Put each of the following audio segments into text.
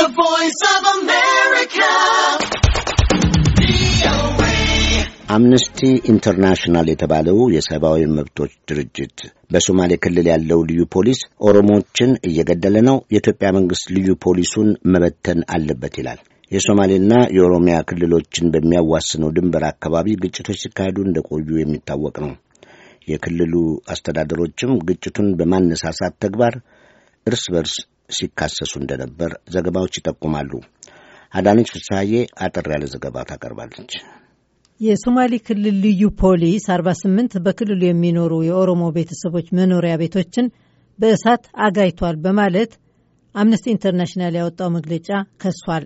The Voice of America. አምነስቲ ኢንተርናሽናል የተባለው የሰብአዊ መብቶች ድርጅት በሶማሌ ክልል ያለው ልዩ ፖሊስ ኦሮሞዎችን እየገደለ ነው፣ የኢትዮጵያ መንግሥት ልዩ ፖሊሱን መበተን አለበት ይላል። የሶማሌና የኦሮሚያ ክልሎችን በሚያዋስነው ድንበር አካባቢ ግጭቶች ሲካሄዱ እንደቆዩ የሚታወቅ ነው። የክልሉ አስተዳደሮችም ግጭቱን በማነሳሳት ተግባር እርስ በርስ ሲካሰሱ እንደነበር ዘገባዎች ይጠቁማሉ። አዳነች ፍስሐዬ አጠር ያለ ዘገባ ታቀርባለች። የሶማሌ ክልል ልዩ ፖሊስ 48 በክልሉ የሚኖሩ የኦሮሞ ቤተሰቦች መኖሪያ ቤቶችን በእሳት አጋይቷል በማለት አምነስቲ ኢንተርናሽናል ያወጣው መግለጫ ከሷል።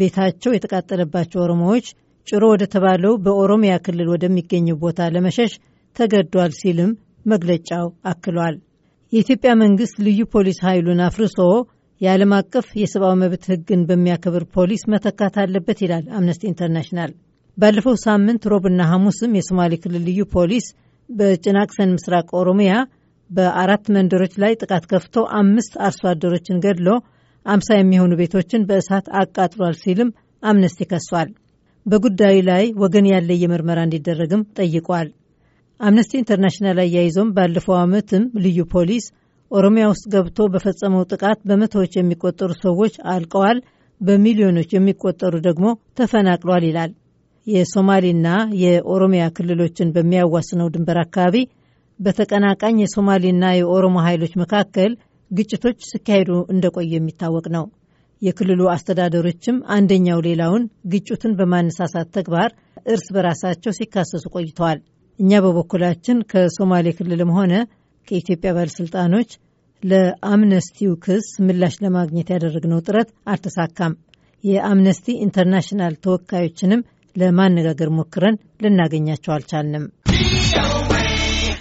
ቤታቸው የተቃጠለባቸው ኦሮሞዎች ጭሮ ወደ ተባለው በኦሮሚያ ክልል ወደሚገኝ ቦታ ለመሸሽ ተገዷል ሲልም መግለጫው አክሏል። የኢትዮጵያ መንግስት ልዩ ፖሊስ ኃይሉን አፍርሶ የዓለም አቀፍ የሰብአዊ መብት ህግን በሚያከብር ፖሊስ መተካት አለበት ይላል አምነስቲ ኢንተርናሽናል። ባለፈው ሳምንት ሮብና ሐሙስም የሶማሌ ክልል ልዩ ፖሊስ በጭናቅሰን ምስራቅ ኦሮሚያ በአራት መንደሮች ላይ ጥቃት ከፍቶ አምስት አርሶ አደሮችን ገድሎ አምሳ የሚሆኑ ቤቶችን በእሳት አቃጥሏል ሲልም አምነስቲ ከሷል። በጉዳዩ ላይ ወገን ያለ የምርመራ እንዲደረግም ጠይቋል። አምነስቲ ኢንተርናሽናል አያይዞም ባለፈው ዓመትም ልዩ ፖሊስ ኦሮሚያ ውስጥ ገብቶ በፈጸመው ጥቃት በመቶዎች የሚቆጠሩ ሰዎች አልቀዋል፣ በሚሊዮኖች የሚቆጠሩ ደግሞ ተፈናቅሏል ይላል። የሶማሌና የኦሮሚያ ክልሎችን በሚያዋስነው ድንበር አካባቢ በተቀናቃኝ የሶማሌና የኦሮሞ ኃይሎች መካከል ግጭቶች ሲካሄዱ እንደቆየ የሚታወቅ ነው። የክልሉ አስተዳደሮችም አንደኛው ሌላውን ግጭቱን በማነሳሳት ተግባር እርስ በራሳቸው ሲካሰሱ ቆይተዋል። እኛ በበኩላችን ከሶማሌ ክልልም ሆነ ከኢትዮጵያ ባለሥልጣኖች ለአምነስቲው ክስ ምላሽ ለማግኘት ያደረግነው ጥረት አልተሳካም። የአምነስቲ ኢንተርናሽናል ተወካዮችንም ለማነጋገር ሞክረን ልናገኛቸው አልቻልንም።